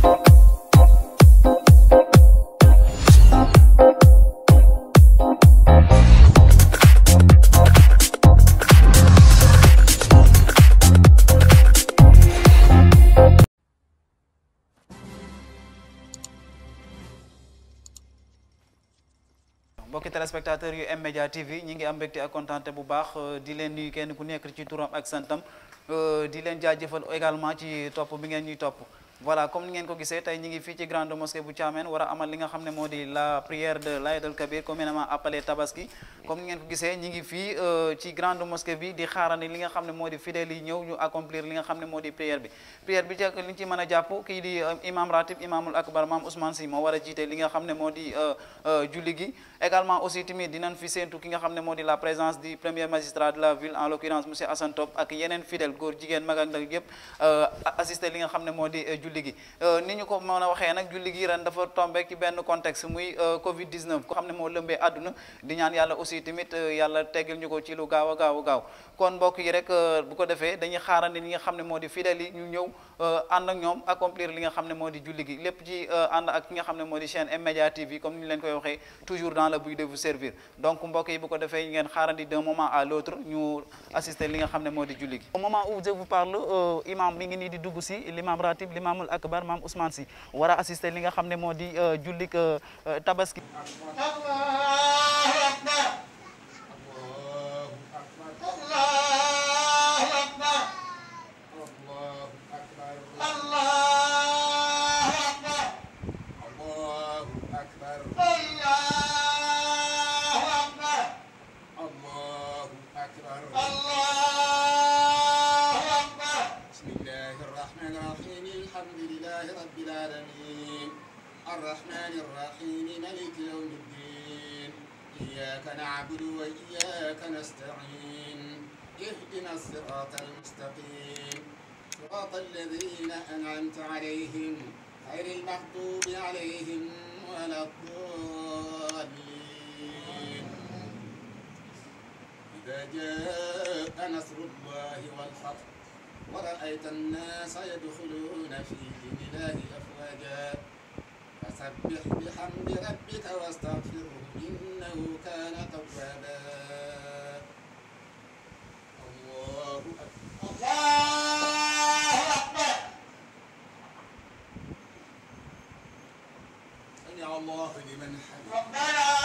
mbokki téléspectateur yu M-Média TV ñi ngi am mbégte ak kontaante bu baax di leen nuyu kenn ku nekk ci turam ak santam eh, di leen jaajëfal également ci topp bi ngeen ñuy topp voilà comme ni ngeen ko gisee tay ñu ngi fi ci grande mosquée bu tiamen wara amal li nga xamne modi la prière de l'Aïdul Kabir ma appelé Tabaski comme ni ngeen ko gisee ñu ngi fi euh, ci grande mosquée bi di xaarani li nga xamne modi fidèle yi ñew ñu accomplir li nga xamne modi di prière bi prière bi jekk li ci mëna japp ki di euh, imam ratib imamul akbar mam Ousmane Si. mo wara jité li nga xamne modi di euh, julli gi également aussi tamit dinañ fi sentu ki nga xamne modi di la présence du premier magistrat de la ville en l'occurrence monsieur Assane Top ak yenen fidèle gor jigen mag ak ndaw yëpp assister li nga xamne modi julli gi euh niñu ko mëna waxé nak julli gi ren dafa tomber ci ben contexte muy euh, Covid 19 ko xamné mo lembé aduna di ñaan yalla aussi timit euh, yalla teggil ñuko ci lu gaaw gaaw gaaw kon mbokk yi rek euh, bu ko défé dañuy xaarandi li nga xamné modi fidèle ñu ñëw and ak ñom accomplir li nga xamné modi julli gi lepp ci and ak ki nga xamné modi chaîne M-Media TV comme ni ñu leen koy waxé toujours dans le but de vous servir donc mbokk yi bu ko defee ngeen xaarandi d'un moment à l'autre ñu assister li nga xamné modi julli gi au moment où je vous parle imam mi ngi ni di dugg ci l'imam ratib l'imam imamul akbar maam Ousmane Sy war a assister li nga xam ne moo di euh, jullik euh, euh, tabaski الرحمن الرحيم ملك يوم الدين إياك نعبد وإياك نستعين اهدنا الصراط المستقيم صراط الذين أنعمت عليهم غير المغضوب عليهم ولا الضالين إذا جاء نصر الله والفتح ورأيت الناس يدخلون في دين الله أفواجا فسبح بحمد ربك واستغفره إنه كان توابا الله أكبر الله أكبر سمع الله لمن حمده ربنا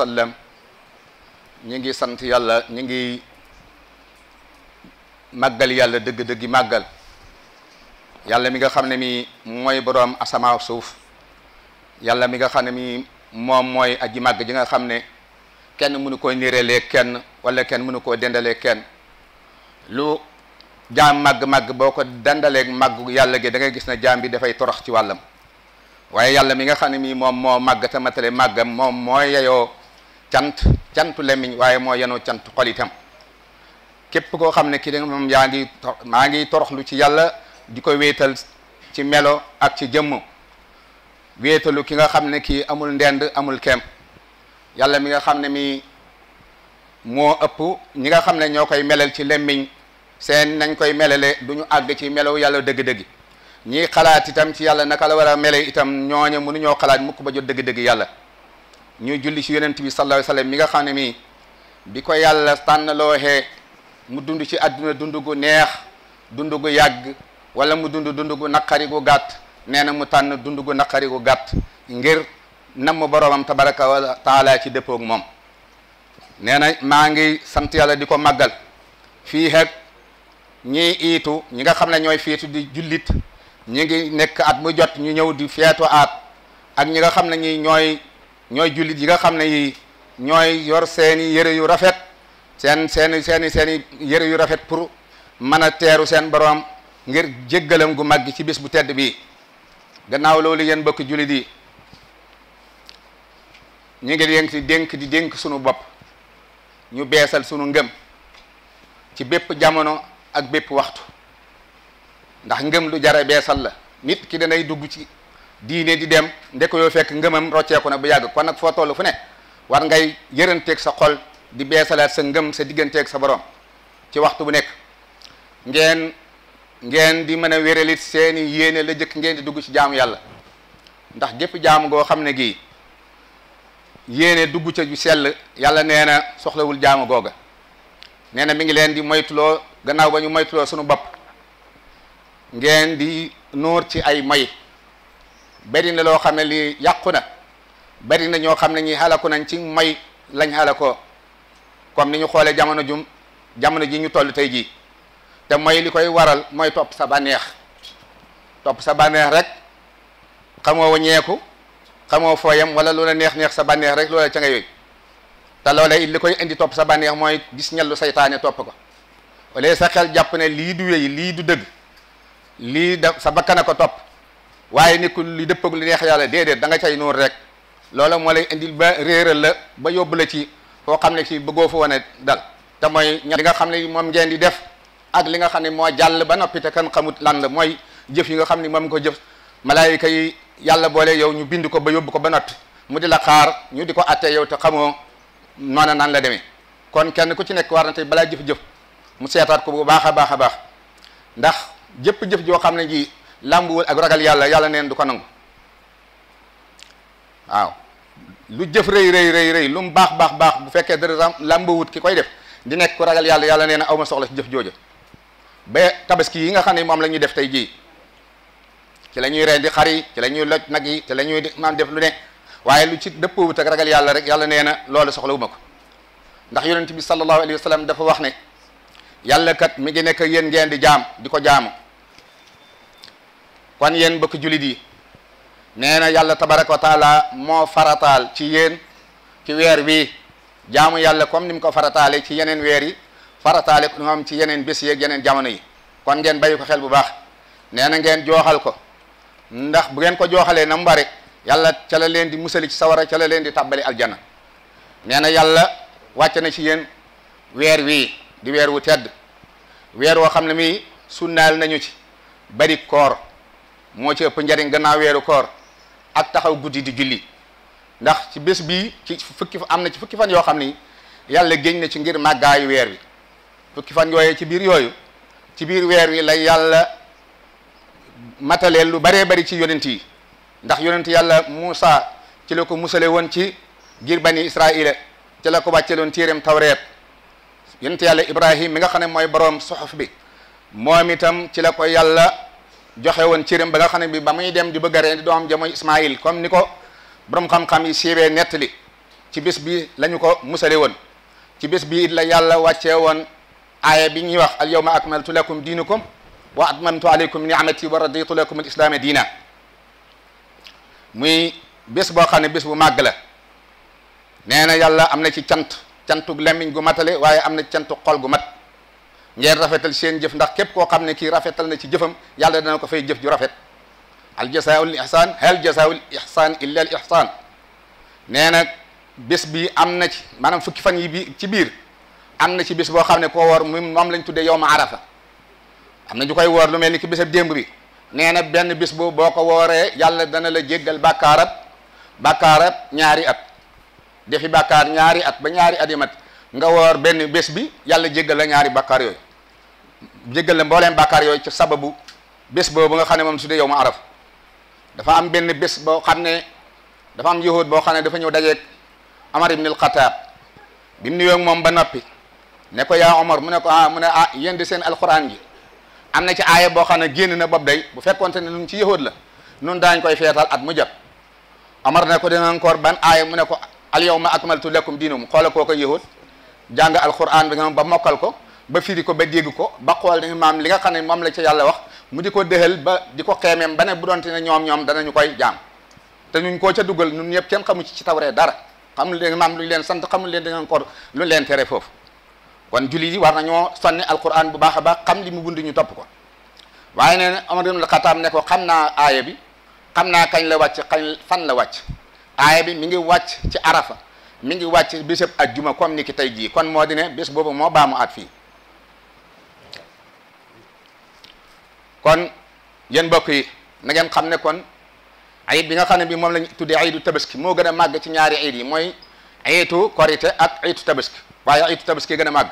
sallam ñi ngi sant yàlla ñu ngi màggal yàlla dëgg-dëggi màggal yàlla mi nga xam ne mi mooy boroom a sama suuf yàlla mi nga xam ne mi moom mooy aji màgg ji nga xam ne kenn mënu koo nirelee kenn wala kenn mënu koo dendalee kenn lu jaam màgg-màgg boo ko dendalee màgg yàlla gi dangay gis na jaam bi dafay torox ci wàllam waaye yàlla mi nga xam ne mi moom moo màgg tamatale màggam moom mooy yeyoo cant cantu lemiñ waaye moo yenoo cant xol itam képp koo xam ne ki danga moom yaa ngi maa ngi toroxlu ci yàlla di ko wéetal ci melo ak ci jëmm wéetalu ki nga xam ne kii amul ndend amul kem yàlla mi nga xam ne mi moo ëpp ñi nga xam ne ñoo koy melal ci lemmiñ seen nañ koy melale du ñu àgg ci melow yàlla dëgg-dëgg ñiy xalaat itam ci yàlla naka la war a mele itam ñooñe mënuñoo xalaat mukk ba jot dëgg-dëgg yàlla ñuy julli ci yonent bi sallallahu alayhi wasallam mi nga xam ne mi bi ko yàlla tànnalooxee mu dund ci àdduna dund gu neex dund gu yàgg wala mu dund dund gu naqari gu gàtt nee na mu tànn dund gu naqari gu gàtt ngir namm boroomam tabaraka wa taala ci dëppoog moom nee na maa ngi sant yàlla di ko màggal fii ak ñii iitu ñi nga xam ne ñooy fiitu di jullit ñi ngi nekk at mu jot ñu ñëw di feetu aat ak ñi nga xam ne ñi ñooy ñoy julit yi nga xamne ne yi ñooy yor seeni yere yu rafet sen sen sen sen yere yu rafet pour mana teru sen borom ngir jéggalam gu maggi ci bis bu tedd bi gannaaw loolu yeen bëkk julit yi ñi ngi yeen di denk di denk sunu bop ñu bëssal suñu ngëm ci bépp jamono ak bépp waxtu ndax ngëm lu bëssal la nit ki danay dugg ci diine di dem ndekk yoo fekk ngëmam rocceeku na bu yàgg kon nag foo toll fu ne war ngay yërënteeg sa xol di beesalaat sa ngëm sa digganteeg sa borom ci waxtu bu nekk ngeen ngeen di mën a wéralit seeni yéene la jëkk ngeen di dugg ci jaamu yàlla ndax gépp jaamu goo xam ne gii yéene dugg ca ju sell yàlla nee na soxlawul jaamu googa nee na mi ngi leen di moytuloo gannaaw ba ñu moytuloo sunu bopp ngeen di nóor ci ay moy bari na loo xam ne lii yàqu na bari na ñoo xam ne ñi xalaku nañ ci may lañ xalakoo comme ni ñu xoolee jamono jum jamono ji ñu toll tey jii te mooy li koy waral mooy topp sa bànneex topp sa bànneex rek xamoo wañeeku xamoo fooyam wala loola neex-neex sa bànneex rek loola ca nga yooyu te loola li koy indi topp sa bànneex mooy gis ñellu seytaane topp ko wala sa xel jàpp ne lii du wéy lii du dëgg lii da sa bakkan a ko topp waaye nekkul li dëppag li neex yàlla déedéet da nga cay noonu rek loola moo lay indil ba réeral la ba yóbbu la ci foo xam ne si bëggoo fa wane dal te mooy li nga xam ne moom ngeen di def ak li nga xam ne moo jàll ba noppi te kan xamut lan la mooy jëf yi nga xam ni moom ko jëf malaayika yi yàlla boole yow ñu bind ko ba yóbbu ko ba noppi mu di la xaar ñu di ko attee yow te xamoo noona nan la demee kon kenn ku ci nekk war na tey balaa jëf-jëf mu seetaat ko bu baax a baax a baax ndax jëpp jëf joo xam ne ji làmbuwul ak ragal yàlla yàlla neen du ko nangu waaw lu jëf rëy rëy rëy rëy lu mu baax baax baax bu fekkee da dara làmbuwut ki koy def di nekk ku ragal yàlla yàlla nee na aw ma soxla ci jëf jooja ba tabaski yi nga xam ne moom la ñuy def tey jii ci la ñuy rendi xar yi ci la ñuy loj nag yi ci la ñuy maam def lu ne waaye lu ci dëppoowut ak ragal yàlla rek yàlla nee na loolu soxla wu ma ko ndax yonent bi sallallahu alayhi wa sallam dafa wax ne yàlla kat mi ngi nekk yéen ngeen di jaam di ko jaamu kon yéen mbokk jullit yi nee na yàlla tabaraka wa taala moo farataal ci yéen ci weer wi jaamu yàlla comme ni mu ko farataale ci yeneen weer yi farataale ko moom ci yeneen bés yeeg yeneen jamono yi kon ngeen bàyyi ko xel bu baax nee na ngeen jooxal ko ndax bu ngeen ko jooxalee na mu yàlla ca la leen di musali ci sawara ca la leen di tàbbali aljana nee yàlla wàcce na ci yéen weer wii di weer wu tedd weer woo xam ne mii sunnaal nañu ci bari koor mo ci ëpp njariñ gannaaw weeru koor ak taxaw guddi di julli ndax ci bés bi ci fukki am na ci fukki fan yoo xam ni yàlla géñ na ci ngir màggaayu weer wi fukki fan ci biir yooyu ci biir weer wi la yàlla lu bare bari ci yonent yi ndax yonent yàlla Muusa ci la ko musale ci ngir bani Israila ci la ko wàcceeloon téereem tawreet yonent Ibrahim mi nga xam ne mooy boroom bi moom ci la ko joxe woon cëram ba nga xam ne bi ba muy dem di bëgg a rendi doom ja mooy Ismaïl comme ni ko borom xam-xam yi siiwee nettali ci bis bi lañu ko musale woon ci bis bi it la yàlla wàccee woon aaya bi ñuy wax al yawma akmaltu lakum diinakum wa atmamtu alaykum ni'amati wa raditu lakum al islaama diina muy bés boo xam ne bés bu màgg la nee na yàlla am na ci cant cantu làmmiñ gu matale waaye am na cantu xol gu mat ngeen rafetal seen jëf ndax képp koo xam ne kii rafetal na ci jëfam yàlla dana ko fay jëf ju rafet al jasaawul ihsaan hal jasaawul ihsaan illa al ihsaan nee na bés bi am na ci maanaam fukki fan yi bi ci biir am na ci bés boo xam ne ko woor moom moom lañ tuddee yowma arafa am na ñu koy woor lu mel ni ki bésab démb bi nee na benn bés boobu boo ko wooree yàlla dana la jéggal bàkkaarab bàkkaarab ñaari at defi bàkkaar ñaari at ba ñaari at yi mat nga woor benn bés bi yàlla jéggal la ñaari bàkkaar yooyu jéggal la mbooleem bàkkaar yooyu ci sababu bés boobu nga xam ne moom su dee yow ma dafa am benn bés boo xam ne dafa am yahud boo xam ne dafa ñëw dajeeg Amar ibn al-Khattab bi moom ba noppi ne ko yaa Omar mu ne ko ah mu ne ah yéen seen alquran ji am na ci aaya boo xam ne génn na bob day bu fekkonte ne nun ci yahud la nun daañ koy feetal at mu jot Omar ne ko dina encore ban aaya mu ne ko al yawma akmaltu lakum diinakum xoola koo ko yahud jàng alquran bi ba mokkal ko ba firi ko ba dégg ko ba xool maam li nga xam ne moom la ca yàlla wax mu di ko dëxal ba di ko xeemeem ba ne bu doonte ne ñoom ñoom dana ñu koy jaam te nuñ koo ca dugal ñun ñëpp kenn xamu ci ci tawree dara xamul leen maam lu leen sant xamul leen danga encore lu leen tere foofu kon jullit yi war nañoo sonni alquran bu baax a baax xam li mu bind ñu topp ko waaye ne na Omar ibn Khattab ne ko xam naa aaya bi xam naa kañ la wàcc kañ fan la wàcc aaya bi mi ngi wàcc ci arafa mu ngi wàcc bésab ajjuma comme ni ki tey jii kon moo di ne bés boobu moo baamu at fii kon yéen mbokk yi na ngeen xamne kon ayit bi nga xamne bi mom lañ tuddee ayitu tabaski mo gëna mag ci ñaari ayit yi moy ayitu korite ak ayitu tabaski waye ayitu tabaski gëna mag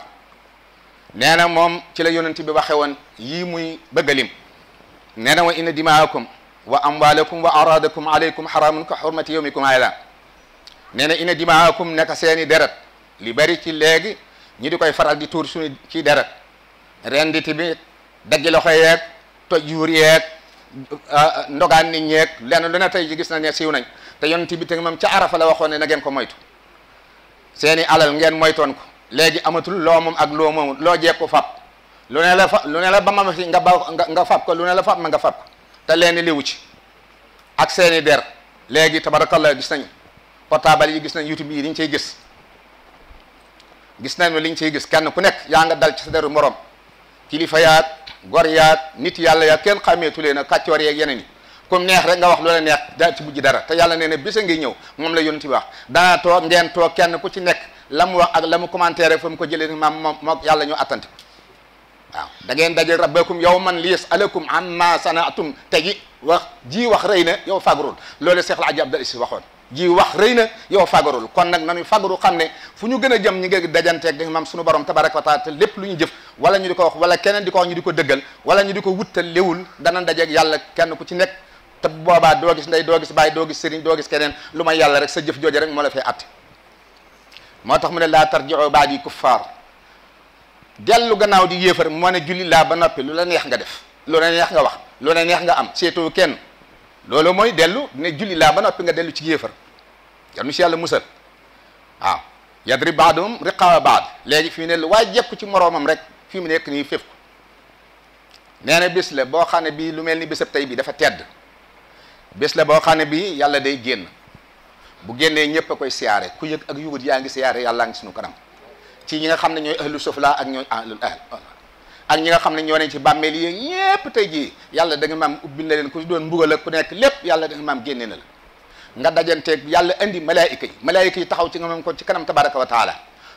neena mom ci la yonenti bi waxe won yi muy bëggalim neena wa inna dimaakum wa amwaalakum wa aradakum alaykum haramun ka hurmati yawmikum ayla neena inna dimaakum naka seeni deret li bari ci léegi ñi di koy faral di tour suñu ci deret renditi bi daggi loxo yeeg toj yuur yeeg ah, ah, ndogaan ni ñeeg lenn lu ne tey ji gis nañ ne siiw nañ te yonent bi te moom ca arafa la waxoon na ngeen ko moytu seeni alal ngeen moytoon ko léegi amatul loo moom ak loo moomul loo jeeg fab lu ne la fa lu ne la ba ma fi nga ba nga fab ko lu ne la fab ma nga fab ko te leen ci ak seeni der léegi tabarakallah gis nañu portable yi gis nañ youtube yi liñ cey gis gis nañu liñ cey gis kenn ku nekk yaa nga dal ci sa deru moroom kilifa gor yaag nit yàlla yaa kenn xàmmeetu leen a kàccoor yeeg yeneen yi comme neex rek nga wax loola neex daa ci mujj dara te yàlla nee na bisa ngi ñëw moom la yonent bi wax danaa toog ngeen toog kenn ku ci nekk la mu wax ak la mu commentaire fa mu ko jëlee maam moom moom yàlla ñoo attante waaw da ngeen daje rabbakum yawman liyas alakum amma te teji wax ji wax rëy na yow fagrul loole Seex al Hajji Abdul si waxoon ji wax reyna yo fagarul kon nak nañu fagaru xamne fuñu gëna jëm ñi a dajante ak ngi suñu borom tabarak wa taala lépp luñu jëf wala ñu diko wax wala keneen diko ñu diko dëggal wala ñu diko di ko da na dajje ak yàlla kenn ku ci nek te boba do gis ndey do gis bay do gis serigne do gis keneen luma yàlla rek sa jëf jojje rek mo la fay àtte moo tax mu ne la tarji'u ba'di kuffar delu gannaaw di yéefar mo ne julli la ba noppi lu la neex nga def lu la neex nga wax lu la neex nga am seetoo kenn loolu mooy dellu ne julli laa ba noppi nga dellu ci yéefar yal si yàlla musal waaw yadrib baadum riqaba baad léegi fi mu ne lu waay jekku ci moroomam rek fi mu nekk nii féf ko nee na bés la boo xam ne bii lu mel ni bésab tey bii dafa tedd bés la boo xam ne bii yàlla day génn bu génnee ñëpp a koy siyaare ku yëg ak yugut yaa ngi siyaare yàllaa ngi suñu kanam ci ñi nga xam ne ñooy ahlu sufla ak ñooy ahlul ahl ak ñi nga xam ne ñoo ne ci bàmmeel yi ñépp tey jii yàlla danga nga maam ubbi na leen ku doon mbugal ak ku nekk lépp yàlla da nga maam génne na la nga dajanteeg yàlla indi malaayika yi malaayika yi taxaw ci nga moom ko ci kanam tabaraka wa taala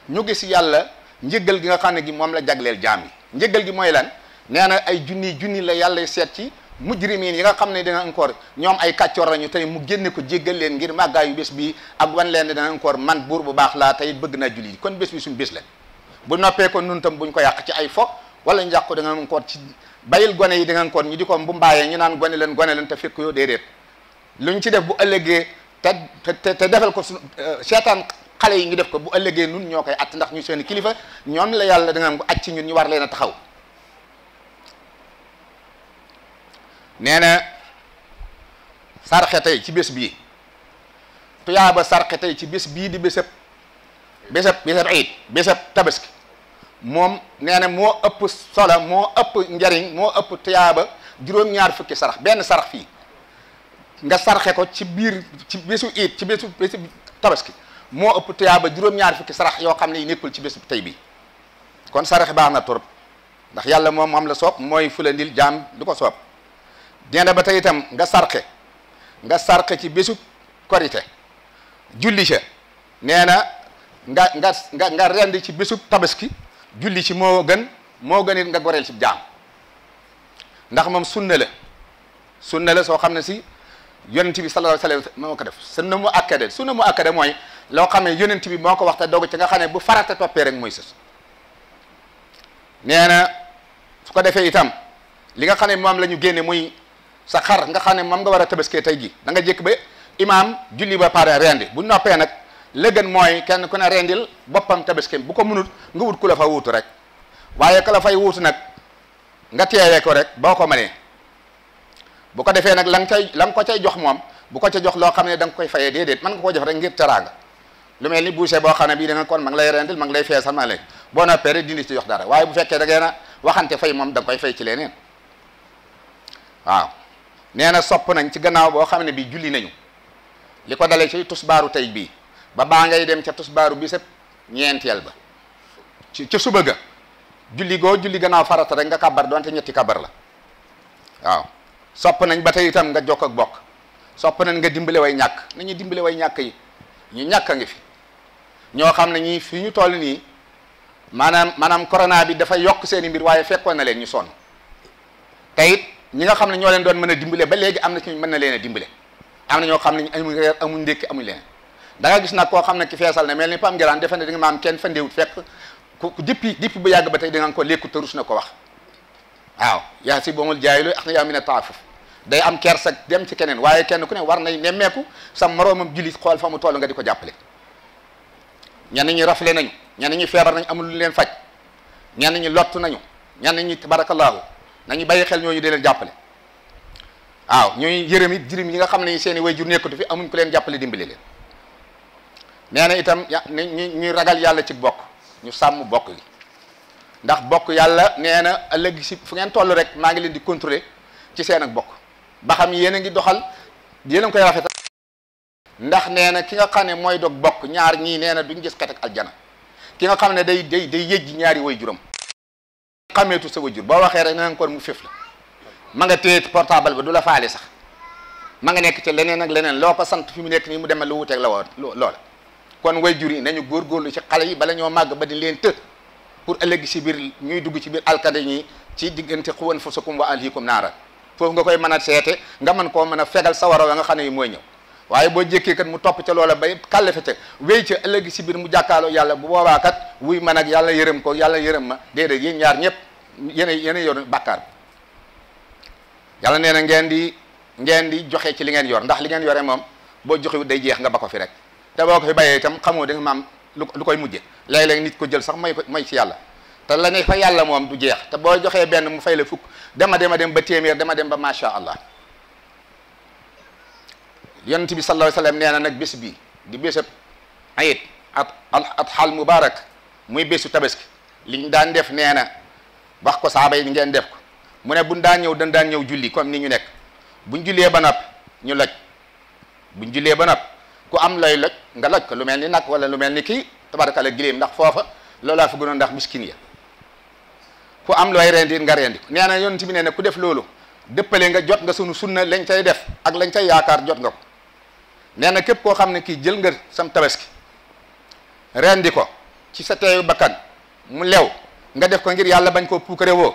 ñu gis yàlla njëggal gi nga xam ne gi moom la jagleel jaam yi njëggal gi mooy lan nee na ay junni junni la yàlla seet ci mujrimiin yi nga xam ne dina encore ñoom ay kàccoor lañu tey mu génne ko jéggal leen ngir màggaayu bés bi ak wan leen dina encore man buur bu baax tey bëgg naa julli kon bés bi suñu bés la bu noppee ko nun tam buñ ko yàq ci ay fo wala ñu yàqu da nga koon ci bayil gone yi da nga koon ñu di ko bu mbaayee ñu naan gone leen gone leen te fekk yoo déedéet lu ñu ci def bu ëllëgee te te defal ko su euh, seetaan xale yi ñu def ko bu ëllëgee nun ñoo koy att ndax ñu seeni kilifa ñoom la yàlla da ko at ci ñun ñu war leen a taxaw nee na sarxe tey ci bés bii tuyaaba sarxe tey ci bés bii di bésëb bésëb bésëb ayit bésëb tabaski mom neena mo upp ëpp solo moo ëpp njariñ mo upp tiyaba juróom-ñaar fukki sarax ben sarax fi nga sarxe ko ci bir ci bésu it ci bésu tabaski mo upp tiyaba juróom-ñaar fukki sarax yo xam nekkul ci bésu tay bi kon sarax baana torop ndax yàlla mom am la soob mooy fulandil jam du ko soob nee ba tay itam nga sarxe nga sarxe ci bésu korite julli ca neena nga nga nga rend ci bésu tabaski julli si moo gën moo gën it nga goreel si jaam ndax moom sunna la sunna la soo xam ne si yonent bi sallallahu alayhi wasallam moo ko def sunna mu akkade sunna mu akkade mooy loo xam ne yonent bi moo ko waxta doog ci nga xam ne bu farata toppee rek mooy sës nee na su ko defee itam li nga xam ne moom la ñu génne muy sa xar nga xam ne moom nga war a tabaskee tey ji da nga jékk ba imaam julli ba pare rendi bu noppee nag la gën mooy kenn ku ne rendil boppam tabaskeem bu ko mënut nga wut ku la fa wutu rek waaye ka la fay wuutu nag nga teewee ko rek boo ko mënee bu ko defee nag la nga cay la ko cay jox moom bu ko ca jox loo xam ne da nga koy fayee déedéet man koo jox rek ngir teraanga lu mel ni boucher boo xam ne bii da kon ma lay rendil ma ngi lay feesal ma ngi lay boo noppee rek dindi ci jox dara bu fekkee da ngeen waxante fay moom da koy fay ci leneen waaw nee na sopp nañ ci gannaaw boo xam ne bii julli nañu li ko dalee ci tusbaaru tey bii ba baa ngay dem ca tusbaaru set ñeenteel ba ci ca suba ga julli goo julli gannaaw farata rek nga kabar doonte ñetti kabar la waaw sopp nañ ba tey itam nga jokk ak bokk sopp nañ nga dimbale way ñàkk nañu dimbale way ñàkk yi ñu ñàkk a ngi fi ñoo xam ne ñii fi ñu toll nii maanaam maanaam corona bi dafa yokk seen i mbir waaye fekkoon na leen ñu sonn te ñi nga xam ne ñoo leen doon mën a dimbale ba léegi am na ci ñu mën na leen a dimbale am na ñoo xam nañ amuñ reer amuñ ndékki amuñ leen da nga gis nag koo xam ne ki feesal ne mel pam ngiraan defe ne di nga maam kenn fandewut fekk ku dipi dipi bu yàgg ba di nga ko lékku tërus na wax si boomul jaayiloo ax ya yaa mi day am kersa dem ci keneen waaye kenn ku ne war nay nemmeeku sa moroomam jullit xool fa nga ko jàppale ñi rafle nañu ñenn ñi feebar nañ amul lu leen faj ñenn ñi lottu nañu ñenn ñi tabarakallahu nañu bàyyi xel di jirim yi nga xam ne seeni way jur nekkatu fi amuñ ku leen dimbali nee na itam ñuy ragal yàlla ci bokk ñu sàmm bokk gi ndax bokk yàlla nee na ëllëg si fu ngeen toll rek maa ngi leen di contrôler ci seen ak bokk ba xam yéen a ngi doxal yéen a ngi koy rafetal ndax nee na ki nga mooy dog bokk ñaar ñii nee na duñ gis xet ak aljana ki nga xam ne day day day yëjji ñaari way juram xameetu sa wajur boo waxee rek nee na kon mu féf la ma nga téye portable bi du la faale sax ma nga nekk ci leneen ak leneen loo ko sant fi mu nekk nii mu demee lu wuteeg la woon loola kon way jur yi nañu góorgóorlu ci xale yi bala ñoo màgg ba di leen të pour ëllëg ci biir ñuy dugg ci biir alkade yi ci diggante xuwan fusakum wa alhikum naara foofu nga koy mën a seete nga mën koo mën a fegal sawara wa nga xam ne yi mooy ñëw waaye boo jékkee kat mu topp ca loola bay kàllafe ca wéy ca ëllëg ci biir mu jàkkaaloo yàlla bu boobaa wuy man ak yàlla yërëm ko yàlla yërëm ma déedéet yéen ñaar ñëpp yene yene yor bàkkaar bi yàlla nee na ngeen di ngeen di joxe ci li ngeen yor ndax li ngeen yore moom boo joxewut day jeex nga ba fi rek te boo ko fi bayee itam xamoo da nga maam lu koy mujje léeg-léeg nit ko jël sax may may ci yàlla te la ne fa yàlla moom du jeex te boo joxee benn mu fay la fukk dama dema dem ba téeméer dama dem ba macha allah yonent bi sallallahu alayhi wa nee na nag bés bi di bésab ayit at at xaal mubarak muy bésu tabaski liñ daan def nee na wax ko saaba yi ngeen def ko mu ne buñ daan ñëw dañ daan ñëw julli comme ni ñu nekk buñ jullee ba nopp ñu loj buñ jullee ba nopp ku am lay lak nga lak lu melni ni wala lu melni ni kii tabarakala giléem ndax fofa lola fi gënoon ndax miskin ya ku am loy rendi nga rendi neena na yonent bi neena ku def lolu deppele nga jot nga sunu sunna lañ cey def ak lañ cey yakar jot nga ko nee na ko koo xam jël nga sam tabaski rendi ko ci sa teeyu bakkan mu lew nga def ko ngir yalla bañ ko poukere wo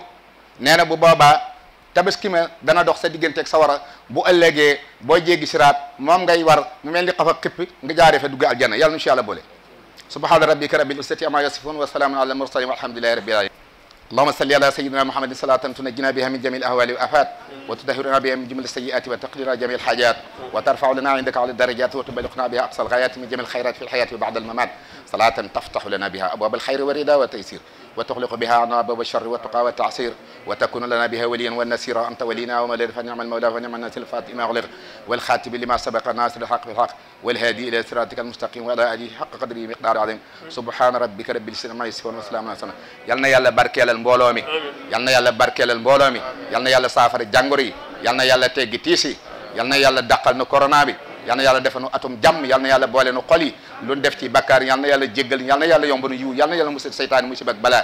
neena bu boba tabaski ma dana dox sa digganteeg sawara bu ëllëgee boo jéggi siraat moom ngay war mu mel ni xafa xippi nga jaaree fa dugg aljanna yàlla nu si yàlla boole subhaana rabbika rabbil izzati amma yasifun wa salaamun ala mursalin walhamdulillahi rabbil alamin اللهم صل على سيدنا محمد صلاة تنجينا بها من جميع الأهوال والآفات وتطهرنا بها من جميع السيئات وتقدرنا جميع الحاجات وترفع لنا عندك على الدرجات وتبلغنا بها أقصى الغايات من جميع الخيرات في الحياة وبعد الممات صلاة تفتح لنا بها أبواب الخير والرضا والتيسير وتغلق بها عناب والشر والتقى والتعسير وتكون لنا بها وليا والنسير أنت ولينا ومولانا فنعم المولى ونعم الناصر الفاتحة أغلق والخاتم لما سبق ناصر الحق بالحق والهادي إلى صراطك المستقيم وعلى آله حق قدره مقدار عظيم سبحان ربك رب العزة عما يصفون وسلام على yal na yàlla بارك mbooloo mi yal na yàlla barkeelal mbooloo mi yal na yàlla saafara jàngoro yi yal na yàlla teggi tiis yi yal na yal na yàlla defal nu atum jàmm yal na yàlla jéggal yal na yàlla yomb nu yiw yal na yàlla musal seytaane musiba ak balaa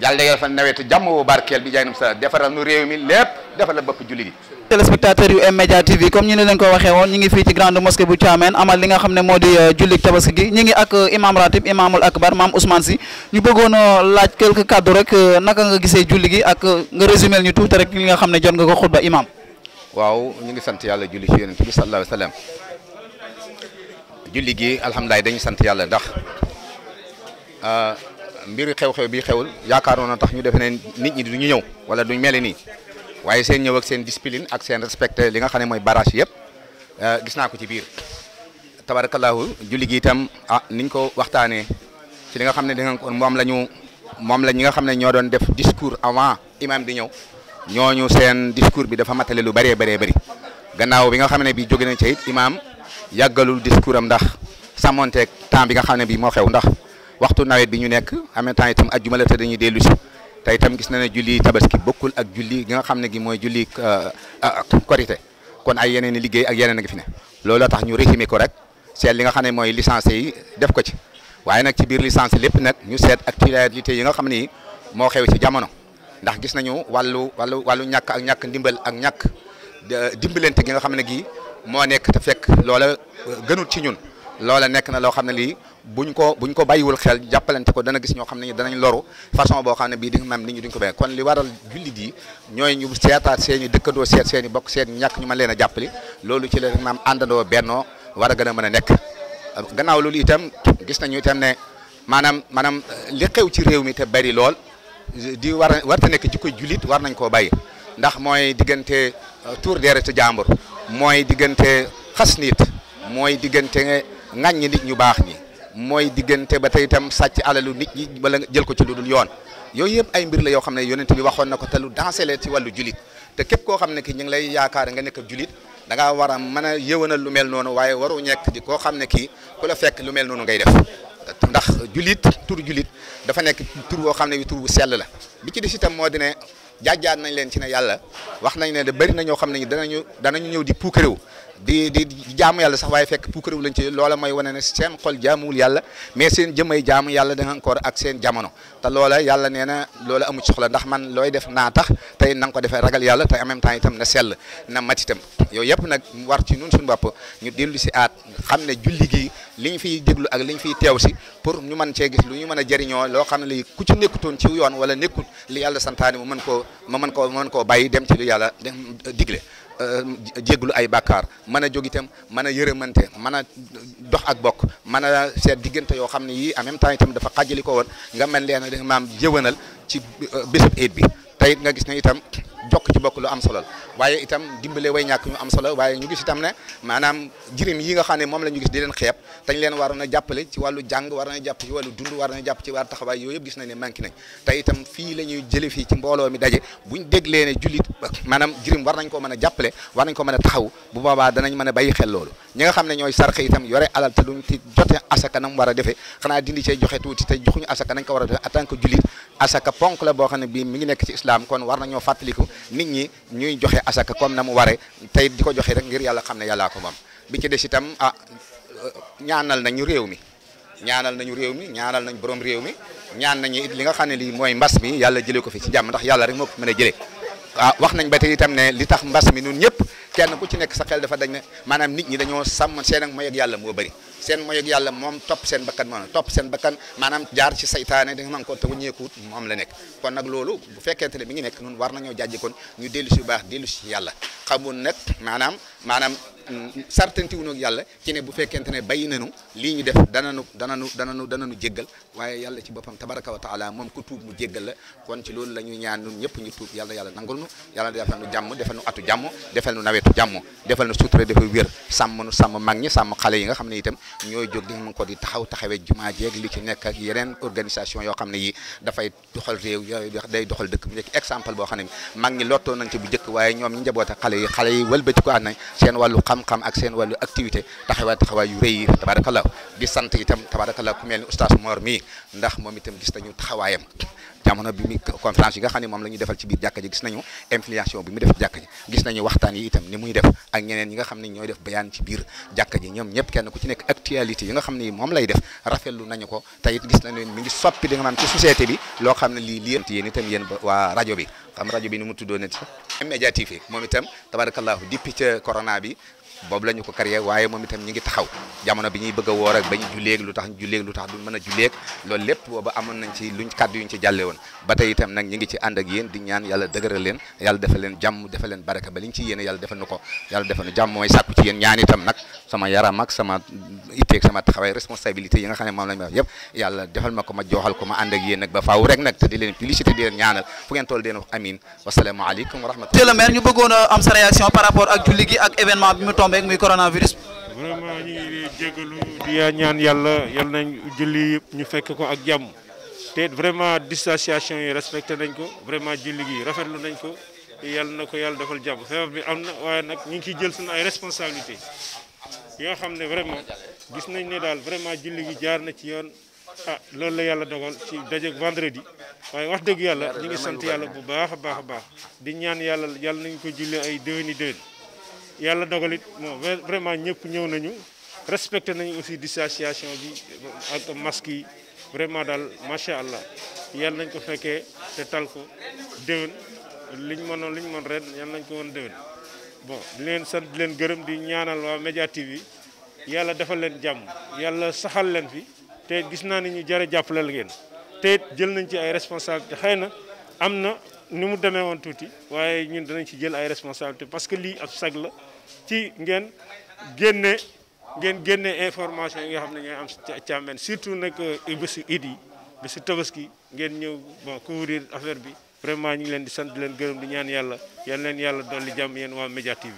yàlla yàlla fa jàmm barkeel bi jaay nam sa defaral nu réew mi lépp defal la bopp julli gi téléspectateurs yu média TV comme ñu ne leen ko waxee ñu ngi fii ci grande mosquée bu Thiamène amal li nga xam ne moo di euh, jullik tabaski gi ñu ngi ak euh, imam ratib imamul akbar maam Ousmane Sy ñu bëggoon a euh, laaj quelque kaddu rek naka nga gisee julli waaw ñu ngi sant yàlla julli ci yonent bi sallallahu alayhi wa sallam julli gi alhamdulilah dañu sant yàlla ndax ah, mbir xew-xew bi xewul yaakaaroon na tax ñu defe ne nit ñi duñu ñëw wala duñ meli nii waaye seen ñëw ak seen discipline ak seen respecté li nga xam ne mooy barrage yëpp ah, gis naa ko ci biir tabarakallahu julli gi itam ah niñ ko waxtaanee ci li nga xam ne dinañ ko moom la ñu moom la ñi nga xam ne ñoo doon def discours avant imam di ñëw ñoo ñooñu seen discours bi dafa matale lu bëree bëree bëri gannaaw bi nga xam ne bi jóge na ca it imaam yàggalul discours am ndax sàmmonteeg temps bi nga xam ne bi moo xew ndax waxtu nawet bi ñu nekk en même itam ajjuma la dañuy dellu si te itam gis na ne julli tabaski bokkul ak julli gi nga xam ne gi mooy julli euh, euh, korité kon ay yeneen i liggéey ak yeneen a ngi fi ne loolu tax ñu résumé ko rek seet li nga xam ne mooy licencié yi def ko ci waaye nag ci biir licencié lépp nag ñu seet actualité yi nga xam ni moo xew ci jamono ndax gis nañu wàllu wàllu wàllu ñàkk ak ñàkk ndimbal ak ñàkk dimbalante gi nga xam ne gii moo nekk te fekk loola euh, gënut ci ñun loola nekk na loo xam ne lii buñ ko buñ ko bàyyiwul xel jàppalante ko dana gis ñoo xam ne danañ loru façon boo xam ne bii di maam nit ñi duñ ko béy li waral jullit yi ñooy ñu seetaat seen i dëkkandoo seet seen bokk seen ñàkk ñu mën leen a jàppale loolu ci la maam àndandoo bennoo war a gën a mën a nekk gannaaw loolu itam gis nañu itam ne maanaam maanaam euh, li xew ci réew mi te bari lool di war a warta nekk jikko jullit war nañ koo bàyyi ndax mooy diggante euh, tuur deretu jàmbur mooy diggante xas nit mooy diggante ŋàññi nit ñu baax ñi mooy diggante ba tey itam sàcc alalu nit wala jël ko ci lu dul yoon yooyu yëpp ay mbir la yoo xam ne yonent bi waxoon na ko te lu dansé la ci wàllu julit te képp koo xam ne ki ñu ngi lay yaakaar nga nekk julit da ngaa war a mën a yëwanal lu mel noonu waaye waru nekk di koo xam ne kii ku la fekk lu mel noonu ngay def ndax julit tur julit dafa nekk tur boo xam ne bi tur bu sell la bi ci des itam moo di ne jaajjaat nañ leen ci ne yàlla wax nañ ne de bëri na ñoo xam ne danañu danañu ñëw di puukaréew di di jaamu yàlla sax waaye fekk puukaréew lañ ci loola mooy wane ne seen xol jaamuwul yàlla mais seen jëmay jaamu yàlla da encore ak seen jamono te loola yàlla nee na loola amu soxla ndax man looy def naa tax tey na nga ko defee ragal yàlla te en même temps itam na sell na mat itam yooyu yëpp nag war ci nun suñu bopp ñu si li ñu fiy déglu ak li ñu fiy teew si pour ñu man cee gis lu ñu mën a jariñoo loo xam ne li ku ci nekkutoon ci yoon wala nekkut li yàlla santaani mu mën koo ma man koo ma mën koo bàyyi dem ci lu yàlla dem euh, digle euh, jéglu ay bàkkaar mën a jóg itam mën a yërëmante mën a dox ak bokk mën a seet diggante yoo xam ne yii en même temps itam dafa xàjjali ko woon nga mel leen maam jëwanal ci euh, bésub eet bi tey nga gis ne itam jokk ci bokk lu am solo waaye itam dimbale way ñàkk ñu am solo waaye ñu gis itam ne maanaam jirim yi nga xam ne moom la ñu gis di leen xeeb tañ leen waroon a jàppale ci wàllu jàng war nañu jàpp ci wàllu dund war nañu jàpp ci wàllu taxawaay yooyu yëpp gis nañ ne manqué nañ te itam fii la ñuy jële fii ci mbooloo mi daje buñ déglee ne jullit maanaam jirim war nañ koo mën a jàppale war nañ ko mën a taxaw bu boobaa danañ mën a bàyyi xel loolu ñi nga xam ne ñooy sarxe itam yore alal te duñ ci jote asaka nam war a defee xanaa dindi cee joxe tuuti te joxuñu asaka nañ ko war a defee en tant que jullit asaka ponk la boo xam ne bii mi ngi nekk ci islam kon war nañoo fàttaliku nit ñi ñuy joxe asaka kom na mu ware tey di ko joxe rek ngir yàlla xam ne yàllaa ko moom bi ci des itam ah euh, ñaanal nañu réew mi ñaanal nañu réew mi ñaanal nañ boroom réew mi ñaan nañu it li nga xam ne lii mooy mbas mi yàlla jëlee ko fi ci jàmm ndax yàlla rek moo ko mën a jëlee ah, wax nañ ba te itam ne li tax mbas mi nun ñëpp kenn ku ci nekk sa xel dafa dañ ne maanaam nit ñi dañoo sàmm seen ak mooy yàlla moo bari seen moyog yàlla moom topp seen bakkan moom la topp seen bakkan maanaam jaar ci saytaane da nga man ko te ñeekuut moom la nekk kon nag loolu bu fekkente ne mi ngi nekk nun war nañoo jàjji kon ñu dellu baax dellu si yàlla xamul maanaam maanaam sartanti wuñu ak yàlla ci ne bu fekkente ne bàyyi nañu lii ñu def dananu dananu dananu dananu jéggal waaye yàlla ci boppam tabaraka wa taala moom ku tuub mu jéggal la kon ci loolu la ñuy ñaan nun ñëpp ñu tuub yàlla yàlla nangul nu yàlla defal nu jàmm defal nu atu jàmm defal nu nawetu jàmm defal nu sutura dafa wér sàmm nu sàmm mag ñi sàmm xale yi nga xam ne itam ñooy jóg di mu ngi ko di taxaw taxawee jumaa jeeg li ci nekk ak yoo xam ne yi dafay doxal réew yooyu day doxal dëkk bi nekk exemple boo xam ne mag ñi lottoo nañ ci bu jëkk waaye ñoom ñi xam-xam ak seen wàllu activité taxawaay yu rëy yi tabaarakallaa di sant itam tabaarakallaa ku mel ni oustaz Mor mii ndax moom itam gis nañu taxawaayam jamono bi mi def jàkka ji gis nañu waxtaan yi itam ni muy def ak ñeneen ñi nga xam ne ñooy def bayaan ci biir jàkka ji ñoom ñëpp kenn ku ci nekk actualité yi nga xam ne moom lay def rafetlu nañu ko te gis nañu mi ngi soppi di nga ci société bi loo xam ne lii lii yéen itam yéen waa rajo bi xam rajo boobu la ñu ko créé waaye moom itam ñi ngi taxaw jamono bi ñuy bëgg a woor ak ba ñu julleeg lu tax julleeg lu tax duñ mën a julleeg loolu lépp booba amoon nañ ci luñ kàddu yuñ ci jàlle woon ba tey itam nag ñi ngi ci ànd ak di ñaan yàlla dëgëral leen yàlla defal leen jàmm defal baraka ba ci yéene yàlla defal nu ko yàlla defal nu sàkku ci yéen ñaan itam nag sama yaram sama itteeg sama taxawaay responsabilité yi nga xam ne moom lañ ma wax yëpp beeg muy coronavirus. vraiment ñu ngi jégalu di ñaan yàlla yal nañ julli yëpp ñu fekk ko ak jàmm te vraiment distanciation yi respecté nañ ko vraiment julli gi rafetlu nañ ko yàlla na ko yàlla defal jàmm feebar bi am na waaye nag ñu ngi ciy jël suñu ay responsabilité yi xam ne vraiment gis nañ ne daal vraiment julli gi jaar na ci yoon ah loolu la yàlla dogal ci daje vendredi waaye wax dëgg yàlla ñu ngi sant yàlla bu baax a baax a baax di ñaan yàlla yàlla nañ ko julli ay déwéni déwén yàlla dogalit moo vraiment ñëpp ñëw nañu respecté nañu aussi distanciation bi ak masque yi vraiment daal macha allah yàlla nañ ko fekkee te tal ko déwén liñ mënoon liñ moon ren yàlla nañ ko woon déwén bon di leen sant di leen gërëm di ñaanal waa Média yi yàlla defal leen jàmm yàlla saxal leen fi te gis naa ni ñu jërë jàppaleel la ngeen te jël nañ ci ay responsabilité xëy na am na ni mu demee woon tuuti waaye ñun danañ ci jël ay responsabilité parce que ci ngeen génne ngeen génne information yi nga xamné ne am ci càmmeen surtout nak ibisu euh, idi bi ci tabaski ngeen ñëw bon couvrir affaire bi vraiment ñu leen di sant di leen gërëm di ñaan yalla yalla leen yalla doli jam yeen wa media TV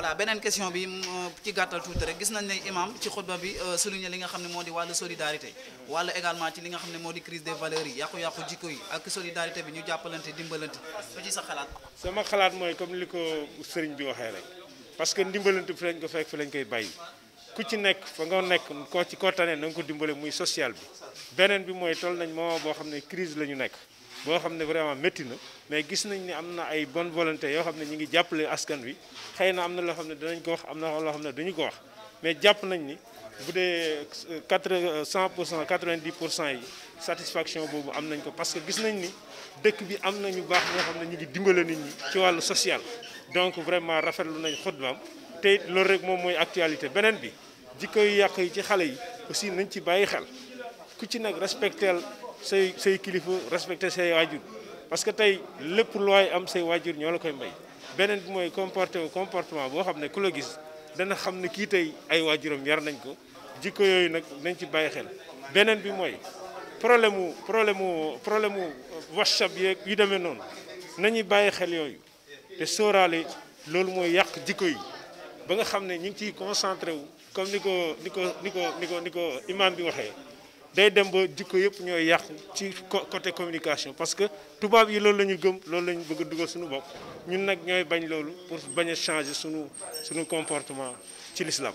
voilà beneen question bi mm, euh, ci gàttal tuuti rek gis nañ ne imam ci xutba bi euh, souligné li nga xam ne moo di wàllu solidarité wàllu également ci li nga xam ne moo di crise de valeurs yi yàqu-yàqu jikko yi ak solidarité bi ñu jàppalante dimbalante su ci sa xalaat sama xalaat mooy comme li ko sëriñ bi waxee rek parce que dimbalante fi lañ ko fekk fi lañ koy bàyyi ku ci nekk fa nga nekk koo ci koo tane na ko dimbale muy social bi beneen bi mooy toll nañ moo boo xam ne crise la ñu nekk bo xamné vraiment metti na mais gis nañ ni amna ay bonne volonté yo xamné ñi ngi jàppale askan wi xeyna amna lo xamné loo ko wax amna lo xamné xam duñu ko wax mais japp nañ ni bu dee quatre cent yi satisfaction bobu am nañ ko parce que gis nañ ni dëkk bi am nañu baax ñoo xamné ñi ñu ngi dimbale nit ñi ci walu social donc vraiment rafetlu nañ xutbaam te lool rek mom moy actualité benen bi jikko yu yàq yi ci xalé yi aussi nañ ci bayyi xel ku ci nag respectel say say kilifa respecte say waajur parce que tey lépp looy am say waajur ñoo la koy may beneen bi mooy comporté comportement boo xam ne ku la gis dana xam ne kii tey ay waajuram yar nañ ko jikko yooyu nag nañ ci bàyyi xel beneen bi mooy problème mu problème mu problème mu whatsapp yu demee noonu nañuy bàyyi xel yooyu te sóoraale loolu mooy yàq jikko yi ba nga xam ne ñu ngi ciy concentré wu comme ni ko ni ko ni ko ni ko ni ko imam bi waxee day dem ba jikko yëpp ñooy yàq ci côté communication parce que tubaab yi loolu la ñu gëm loolu la ñu bëgg a dugal suñu bopp ñun nag ñooy bañ loolu pour bañ a changer suñu suñu comportement ci l'islam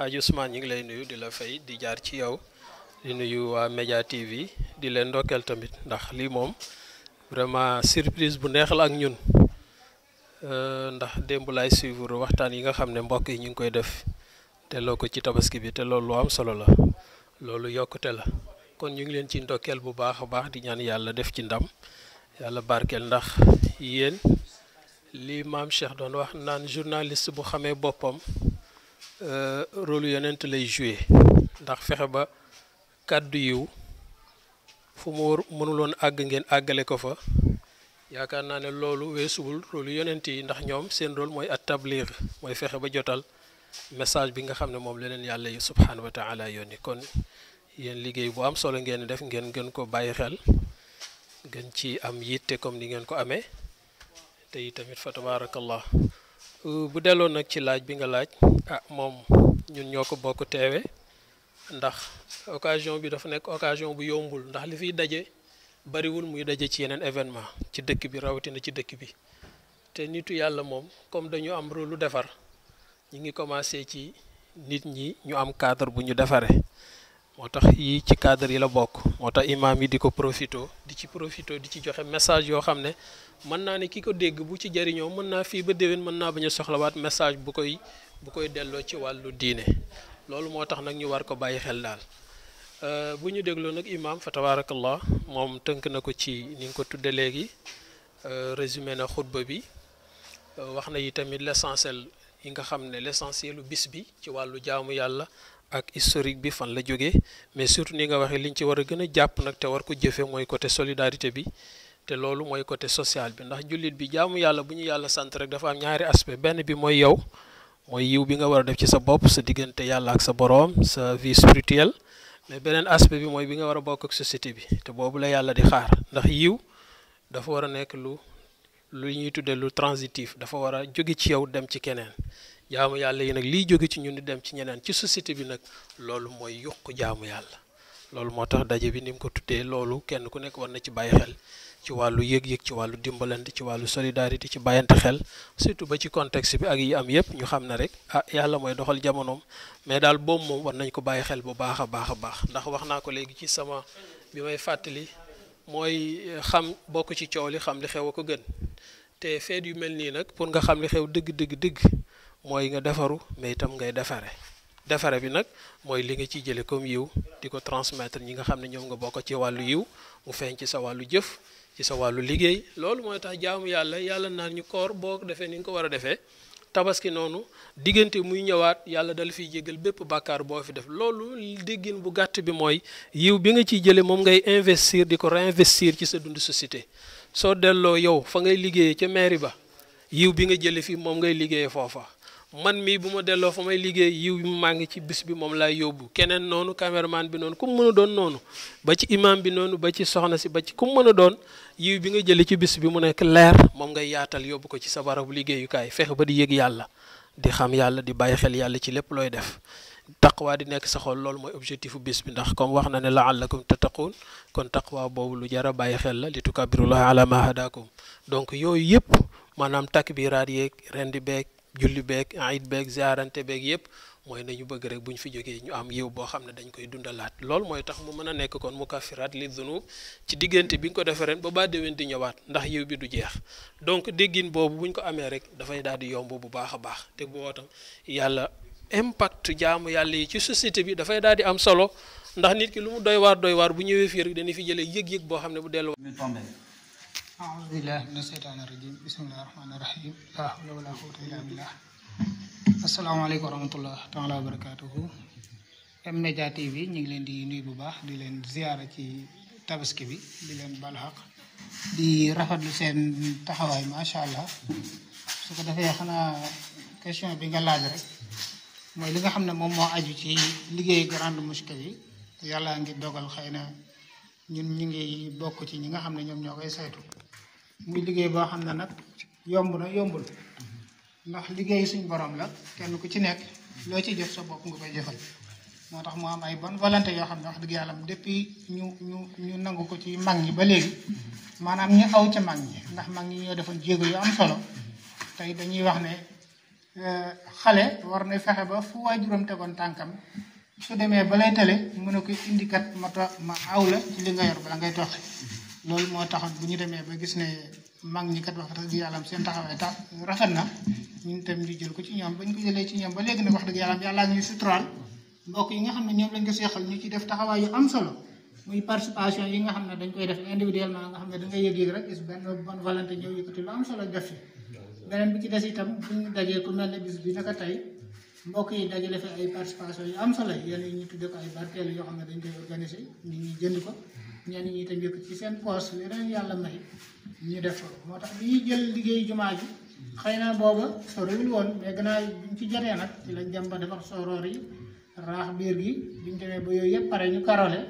Haji Ousmane ñu ngi lay nuyu di la fay di jaar ci yow di nuyu waa TV di leen ndokkeel tamit ndax lii moom vraiment surprise bu neex la ak ñun euh, ndax démb laay suivre waxtaan yi nga xam ne mbokk yi ñu ngi koy def te loo ko ci tabaski bi te loolu am solo la loolu la kon ñu ngi leen ci bu baax a baax di ñaan yàlla def ci ndam yàlla barkeel ndax yéen li maam Cheikh doon wax naan journaliste bu xamee bopam. Euh, rôle yonent lay joué ndax fexe ba kàddu yiw fu mu war mënuloon àgg ngeen àggale ko fa yaakaar naa ne loolu weesuwul rôle yeneent yi ndax ñoom seen rôle mooy at tablir mooy fexe ba jotal message bi nga xam ne moom leneen yàlla yi subhaanahu wa taala yónni kon yéen liggéey bu am solo ngeen def ngeen gën ko bàyyi xel gën ci am yitte comme ni ngeen ko amee te itamit fa tabaarakallah Euh, bu delloo nag ci laaj bi nga laaj ah moom ñun ñoo ko bokk teewe ndax occasion bi dafa nekk occasion bu yombul ndax li fiy daje bariwul muy daje ci yeneen événement ci dëkk bi rawatina ci dëkk bi te nitu yàlla moom comme dañu am rôle lu defar ñi ngi commencé ci nit ñi ñu am cadre bu ñu defaree moo tax yii ci cadre yi la bokk moo tax imaam yi di ko profito di ci profito di ci joxe message yoo xam ne mën naa ne ki ko dégg bu ci jariñoo mën naa fii ba déwén mën naa bañ a soxlawaat message bu koy bu koy delloo ci wàllu diine loolu moo tax nag ñu war ko bàyyi xel daal euh, bu ñu dégloo nag imaam fa tabaarakallah moom tënk na ko ci ni nga ko tudde léegi euh, résumé na xutba bi euh, wax na yi tamit l'essentiel yi nga xam ne lu bis bi ci wàllu jaamu yàlla ak historique bi fan la jógee mais surtout ni nga waxee liñ ci war a gën a jàpp nag te war ko jëfe mooy côté solidarité bi te loolu mooy côté sociale bi ndax jullit bi jaamu yàlla bu ñu yàlla sant rek dafa am ñaari aspect benn bi mooy yow mooy yiw bi nga war a def ci sa bopp sa diggante yàlla ak sa boroom sa vie spirituelle mais beneen aspect bi mooy bi nga war a bokk ak société bi te boobu la yàlla di xaar ndax yiw dafa war a nekk lu lu ñuy tuddee lu transitif dafa war a jóge ci yow dem ci keneen jaamu yàlla yi nag liy jóge ci ñun di dem ci ñeneen ci société bi nag loolu mooy yokk jaamu yàlla loolu moo tax daje bi ni ko tuddee loolu kenn ku nekk war na ci bàyyi xel ci wàllu yëg-yëg ci wàllu dimbalant ci wàllu solidarité ci bàyyante xel surtout ba ci context bi ak yi am yëpp ñu xam ne rek ah yàlla mooy doxal jamonoom mais daal boobu moom war nañ ko bàyyi xel bu baax a baax a baax ndax wax naa ko léegi ci sama bi may fàttali mooy eh, xam bokk ci coow li xam li xew a ko gën te feet yu mel nii nag pour nga xam li xew dëgg dëgg dëgg mooy nga defaru mais itam ngay defare defare bi nag mooy li nga ciy jële comme yiw di ko transmettre ñi nga xam ne ñoom nga bokk ci wàllu yiw mu feeñ ci sa wàllu jëf ci sa wàllu liggéey loolu mooy tax jaamu yàlla yàlla naan ñu koor boo defee ni nga ko war a defee tabaski noonu diggante muy ñëwaat yàlla dal fiy jégal bépp bàkkaar boo fi def loolu déggin bu gàtt bi mooy yiw bi nga ciy jëlee moom ngay investir di ko réinvestir ci sa dund société soo delloo yow fa ngay liggéeyee ca mairie ba yiw bi nga jëlee fii moom ngay liggéeyee foofa man mii bu ma delloo fa may liggéey yiw bi maa ngi ci bis bi moom laay yóbbu keneen noonu cameraman bi noonu ku mu mën a doon noonu ba ci imam bi noonu ba ci soxna si ba ci ku mu a doon yiw bi nga jëlee ci bis bi mu nekk leer moom ngay yaatal yóbbu ko ci sa barabu liggéeyukaay fexe ba di yëg yàlla di xam yàlla di bàyyi xel yàlla ci lépp looy def taqwa di nekk sa xol loolu mooy objectif bis bi ndax comme wax na ne laallakum tattaquun kon taqwa boobu lu jar a bàyyi xel la li tukabbirullaha ala ma hadakum donc yooyu yëpp maanaam takbiraat yeeg rendi beeg julli beeg ayit beeg ziarante beeg yëpp mooy nañu bëgg rek bu ñu fi jógee ñu am yiw boo xam ne dañ koy dundalaat lool mooy tax mu mën a nekk kon mu kaffiraat li dunub ci diggante bi nga ko defee ren ba ba déwén di ñëwaat ndax yiw bi du jeex donc déggin boobu bu ko amee rek dafay daal di yomb bu baax a baax te bu woo tam yàlla impact jaamu yàlla yi ci société bi dafay daal di am solo ndax nit ki lu mu doy waar doy waar bu ñëwee fii rek dañuy fi jëlee yëg-yëg boo xam ne bu dellu. أعوذ بالله من الشيطان الرجيم بسم الله الرحمن الرحيم لا حول ولا قوة إلا بالله السلام عليكم ورحمة الله تعالى وبركاته M-Media TV ñu ngi leen di nuyu bu baax di leen ziyaara ci tabaski bi di leen bal xaq di rafetlu seen taxawaay macha allah su ko defee xanaa question bi nga laaj rek mooy li nga xam ne moom moo aju ci liggéey grande mosquée yi yàlla ngi dogal xëy na ñun ñu ngi bokk ci ñi nga xam ne ñoom saytu muy liggéey boo xam ne nag yomb na yombul ndax liggéey suñ borom la kenn ku ci nekk loo ci jëf sa bopp nga koy jëfal moo tax mu am ay bon volonté yoo xam ne wax dëgg yàlla depuis ñu ñu ñu nangu ko ci mag ñi ba léegi maanaam ñu aw ca mag ñi ndax mag ñi ñoo defoon jéego yu am solo tey dañuy wax ne euh, xale war na fexe ba fu juróom tegoon tànkam su demee ba lay tële mu ne ko indi kat ma ma aw la ci li nga yor bala ngay toxe lol mo taxone buñu démé ba gis né mag ñi kat wax rek yalla am seen taxawaay tax rafet na ñu tam di jël ko ci ñam bañ ko jëlee ci ñam ba légui nak wax dëgg yàlla yàllaa ngi troal mbokk yi nga xamné ñom lañ ko séxal ñu ci def taxaway yu am solo muy participation yi nga xamné dañ koy def individuellement nga xamné da nga yegg yëg rek is ben bon volonté ñëw yëkkati lu am solo def fi beneen bi ci dess itam bu ñu dajee ku melni bis bi naka tay mbokk yi dajé la fi ay participation yu am solo yenn ñi ñu ko ay barkel yo xamné dañ koy organiser nit ñi jënd ko ñenn ñi itam yëkk ci seen poos li leen yàlla may ñu def ko moo tax bi ñuy jël liggéey jumaa ji xëy na booba soriwul woon mais gannaaw biñ ci jotee nag ci lañ dem ba defar soroor yi raax biir gi biñ demee ba yooyu yëpp pare ñu karole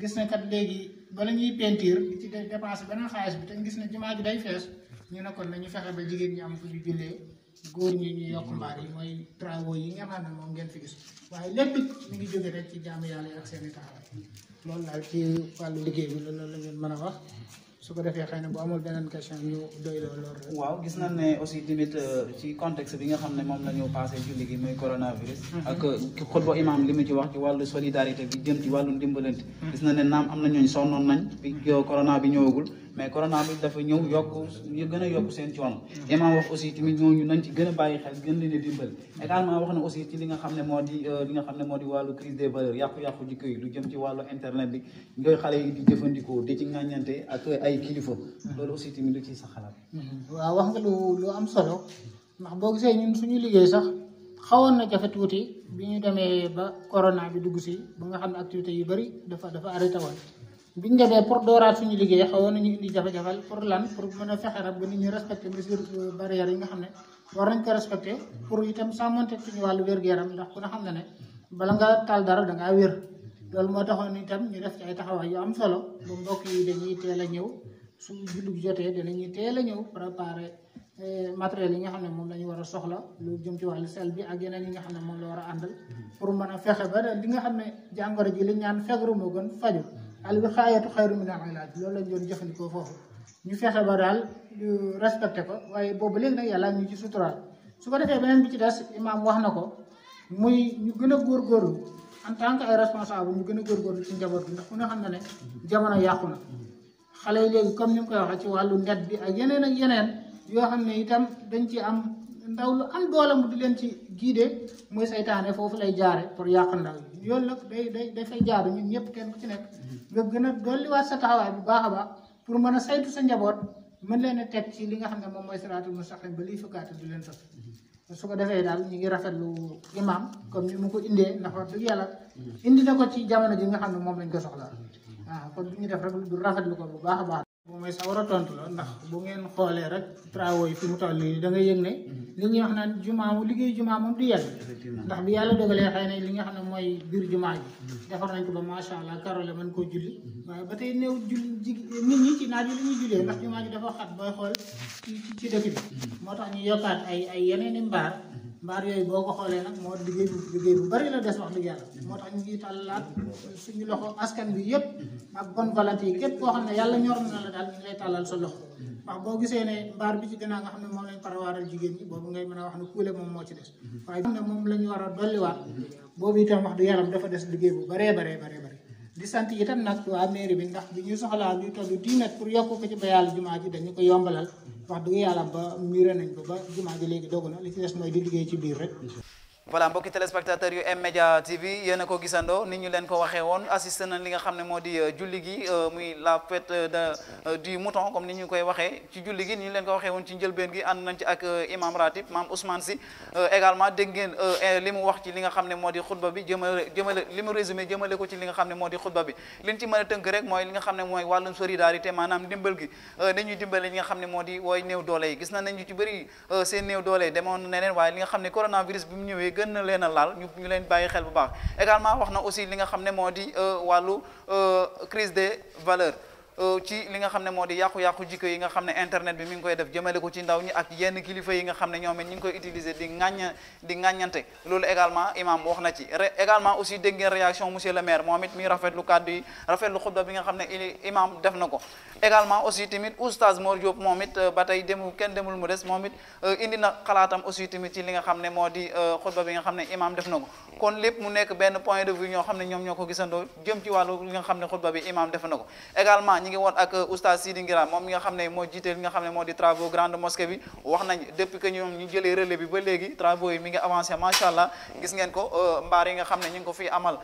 gis na kat léegi bala ñuy peinture di ci dépense beneen xaalis bi te gis na jumaa ji day fees ñu nekkoon kon nañu fexe ba jigéen ñi am fu ñu jullee góor ñi ñu yokk mbaar yi mooy travaux yi nga xam ne moom ngeen fi gis waaye lépp mi ngi jóge rek ci jaamu yàlla yi ak seen i taxawaay loolu daal ci wàllu liggéey bi loolu la ngeen mën a wax su ko defee na bu amul beneen question ñu doy loolu loolu waaw gis nañ ne aussi tamit euh, ci contexte bi nga xam ne moom la ñu passé julli gi muy coronavirus. Mm-hmm. ak euh, xutba imaam li mu ci wax ci wàllu solidarité bi jëm ci wàllu ndimbalante. Mm-hmm. gis nañ ne naam am na ñooñu sonnoon nañ bi corona bi ñëwagul. mais corona bi dafa ñëw yokk gën a yokk seen coono imam wax aussi tamit ñooñu nañ ci gën a bàyyi xel gën leen a dimbal également wax na aussi ci li nga xam ne moo di euh, li nga xam ne moo di wàllu crise des valeurs yàqu-yàqu jikko yi lu jëm ci wàllu internet bi ñooy xale yi jëfandikoo di ci ŋàññante ak ay kilifa loolu aussi tamit lu ciy sa xalaat mm-hmm. waaw wax nga lu lu am solo ndax boo gisee ñun suñu liggéey sax xawoon na jafe tuuti bi ñu demee ba corona bi dugg si ba nga xam ne activité yu bëri dafa dafa arrêté woon biñ dé pour dooraat suñu liggéey xawonu ñu indi jafé jafal pour lan pour mëna fexé fexe nag ba respecté mesure euh, barrière yi nga xamné war nañ ko respecté pour itam sàmmante suñu wàllu walu wër gëram ndax ku na xamné né bala nga tal dara da nga wër loolu mo taxoon itam ñu def ci ay taxaw yu am solo bu mbokk yi dañuy teel a ñëw su jullu jotee dañuy teel a ñëw préparer euh, matériel yi nga xamné mom lañu wara soxla lu jëm ci walu sel bi ak yeneen yi nga xamné mom la wara andal pour mëna fexé ba li nga xamné jangoro ji li ñaan fegru mo gën faju al wiqaayatu xayru min al ilaaj loolu lañ doon jëfandikoo foofu ñu fexe ba daal respecté ko waaye boobu léegi nag yàlla ñu ci suturaal su ko defee beneen bi ci des imaam wax na ko muy ñu gën a góor en tant que ay responsable gën a góorgóorlu ci njaboot bi ndax ku ne xam na ne jamono yàqu na xale yi léegi comme ni mu koy waxee ci wàllu net bi ak yeneen ak yeneen yoo xam ne itam dañ ci am ndaw lu am doole mu di leen ci kii de mooy saytaane foofu lay jaare pour yàq ndaw yi yoon nag day day dafay jaadu ñun ñëpp kenn ku ci nekk mm-hmm. nga gën a dolliwaat sa taxawaay bu baax a baax pour mën a saytu sa njaboot mën leen a teg ci li nga xam ne moom mooy siraatul mustaqim ba liy fëkkaate du leen fëkk mm-hmm. su ko defee daal ñu ngi rafetlu imaam comme ni mu ko indee ndax wax dëgg yàlla mm-hmm. indi na ko ci jamono ji nga xam ne moom lañ ko soxla waaw kon du ñu def rek du lu ko bu baax a baax moom mooy sa war a tontu la ndax bu ngeen xoolee rek travaux yi fi mu toll nii da nga yëg ne li ñuy wax naan jumaa mu liggéey jumaa moom du yàgg ndax bi yàlla dogalee xëy na li nga xam ne mooy biir jumaa ji defar nañ ko ba macha allah karole man koo julli waaye ba tey néew julli ji nit ñi ci naaj yi li jullee ndax jumaa ji dafa xat booy xool ci ci dëkk bi moo tax ñu yokkaat ay ay yeneen i mbaar mbaar yooyu boo ko xoolee nag moo liggéey bu liggéey bu bari la des wax dëgg yàlla moo tax ñu ngi tàllaat suñu loxo askan bi yëpp ak bonne volonté yi képp koo xam ne yàlla ñor na la daal sa loxo ndax boo gisee ne mbaar bi ci gannaaw nga xam ne moom lañ parawaaral jigéen ñi boobu ngay mën a wax ne kuule moom moo ci des moom la ñu war a dolliwaat boobu itam wax du yaram dafa des liggéey bu bare baree bare bari di sant itam nag waa mairie bi ndax bi ñuy soxlaa luy toll 10 pour yokk ko ci bayal jumaa ji dañu ko yombalal wax dëgg yàlla ba miiré nañ ko ba jumaa gi léegi dogu na li ci des mooy di liggéey ci biir rek voilà mbokki téléspectateurs yu M-Media TV yéen ko gisandoo ni ñu leen ko waxe woon assisté li nga xam ne moo di euh, julli gi euh, muy euh, ni ñu koy waxee ci julli gi ni ñu leen ko waxee woon ci njëlbeen gi ànd nañ ci ak imam ratib maam Ousmane Sy également dégg ngeen li mu wax ci li nga xam ne moo di xutba bi jëmale jëmale li mu résumé jëmale ko ci li nga xam ne moo di xutba bi liñ ci mën a tënk rek mooy li nga xam ne mooy wàllum solidarité maanaam ndimbal gi nañuy dimbale li nga xam ne moo di wooy néew doole yi gis na nañu ci bëri seen néew ne coronavirus bi mu gën na leen a laal ñu ñu leen bàyyi xel bu baax également wax na aussi li nga xam ne moo di euh, wàllu euh, crise des valeurs euh, ci li nga xam ne moo di yàqu-yàqu jikko yi nga xam ne internet bi mu ngi koy def jëmale ko ci ndaw ñi ak yenn kilifa yi nga xam ne ñoom it ñu ngi koy utiliser di ŋàññ di loolu également imam wax na ci également aussi dégg ngeen réaction monsieur le maire moom it mi rafetlu kàddu yi rafetlu xutba bi nga xam ne imam def na ko également aussi tamit oustaz Mor Diop moom it euh, ba tey demul kenn demul mu des moom it euh, indi na xalaatam aussi tamit ci li nga xam ne moo di euh, xutba nga xam ne imaam def na ko kon lépp mu nekk benn point de vue ñoo xam ñoo ko gisandoo jëm ci wàllu li nga ne xutba bi imaam def na moom mi nga xam ne moo jiite li nga xam ne moo di travaux grande mosquée bi wax nañ depuis que ñoom ñu jëlee relais gis ngeen ko mbaar yi nga xam ne ñu ngi ko fi amal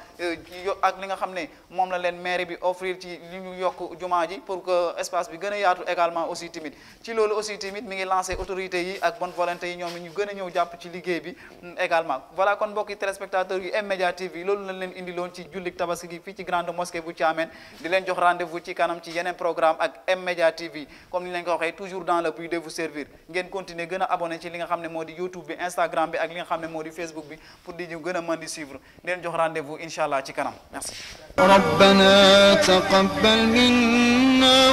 ak li nga xam ne moom la leen mairie bi offrir ci li ñu yokk jumaa ji pour que espace bi gën a également aussi timide ci loolu aussi timide mi ngi lancé autorité yi ak bonne volonté yi ñoom ñu gën a ñëw jàpp ci liggéey bi mm, également voilà kon mbokki téléspectateurs yu M-Média TV loolu lañ leen indiloon ci jullik tabaski gi fii ci grande mosquée bu Thiamène di leen jox rendez-vous ci kanam ci yeneen programme ak M-Média TV comme ni leen ko waxee toujours dans le but de vous servir ngeen continuer gën a abonné ci li nga xam ne YouTube bi Instagram bi ak li nga xam ne Facebook bi pour di ñu gën a suivre di leen jox rendez-vous incha allah ci kanam merci.